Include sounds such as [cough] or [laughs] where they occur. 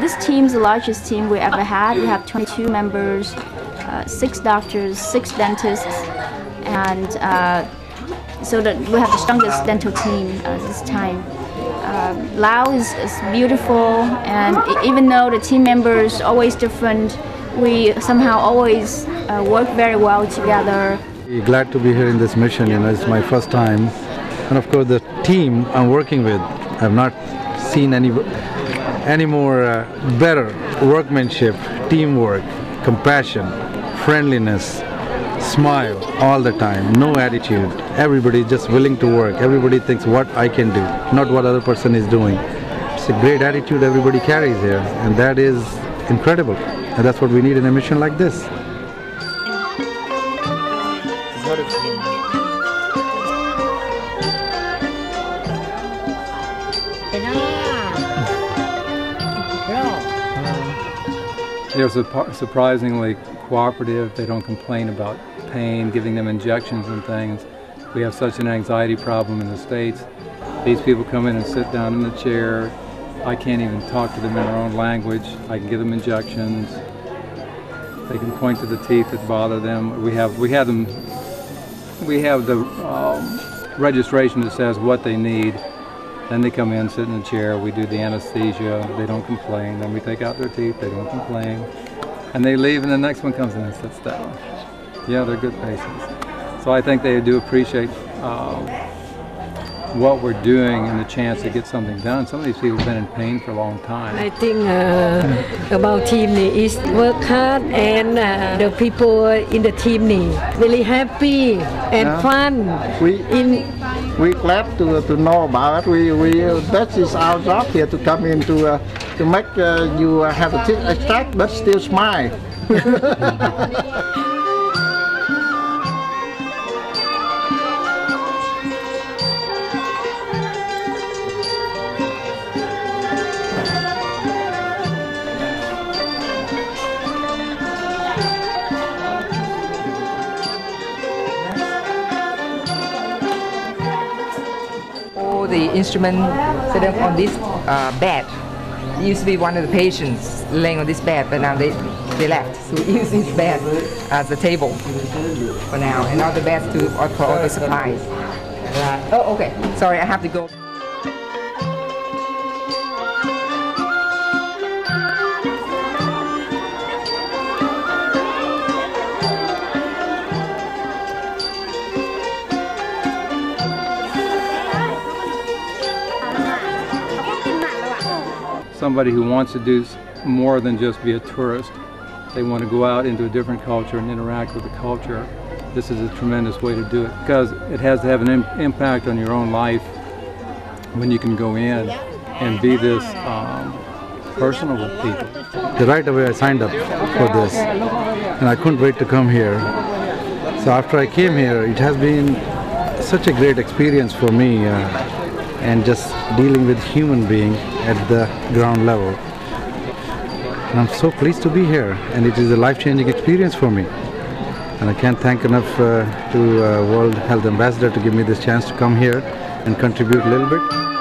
This team is the largest team we ever had. We have 22 members, uh, six doctors, six dentists, and uh, so that we have the strongest dental team uh, this time. Uh, Laos is, is beautiful, and even though the team members always different, we somehow always uh, work very well together. Glad to be here in this mission, you know, it's my first time. And of course the team I'm working with, I've not seen any, any more uh, better workmanship, teamwork, compassion, friendliness, smile all the time, no attitude. Everybody just willing to work. Everybody thinks what I can do, not what other person is doing. It's a great attitude everybody carries here and that is incredible. And that's what we need in a mission like this. They're surprisingly cooperative. They don't complain about pain, giving them injections and things. We have such an anxiety problem in the States. These people come in and sit down in the chair, I can't even talk to them in their own language. I can give them injections. They can point to the teeth that bother them. We have we have them. We have the um, registration that says what they need. Then they come in, sit in a chair. We do the anesthesia. They don't complain. Then we take out their teeth. They don't complain, and they leave. And the next one comes in and sits down. Yeah, they're good patients. So I think they do appreciate. Um, what we're doing and the chance to get something done. Some of these people have been in pain for a long time. I think uh, about team is work hard and uh, the people in the team really happy and yeah. fun. We in we glad to, to know about it. We we uh, that is our job here to come in to uh, to make uh, you have a tick attack but still smile. [laughs] the instrument set up on this uh, bed. It used to be one of the patients laying on this bed, but now they, they left. So we [laughs] use this bed as a table for now, and all the beds to, for all the supplies. Oh, okay. Sorry, I have to go. somebody who wants to do more than just be a tourist. They want to go out into a different culture and interact with the culture. This is a tremendous way to do it because it has to have an Im impact on your own life when you can go in and be this um, with people. Right away I signed up for this and I couldn't wait to come here. So after I came here, it has been such a great experience for me. Uh, and just dealing with human being at the ground level. And I'm so pleased to be here and it is a life-changing experience for me. And I can't thank enough uh, to uh, World Health Ambassador to give me this chance to come here and contribute a little bit.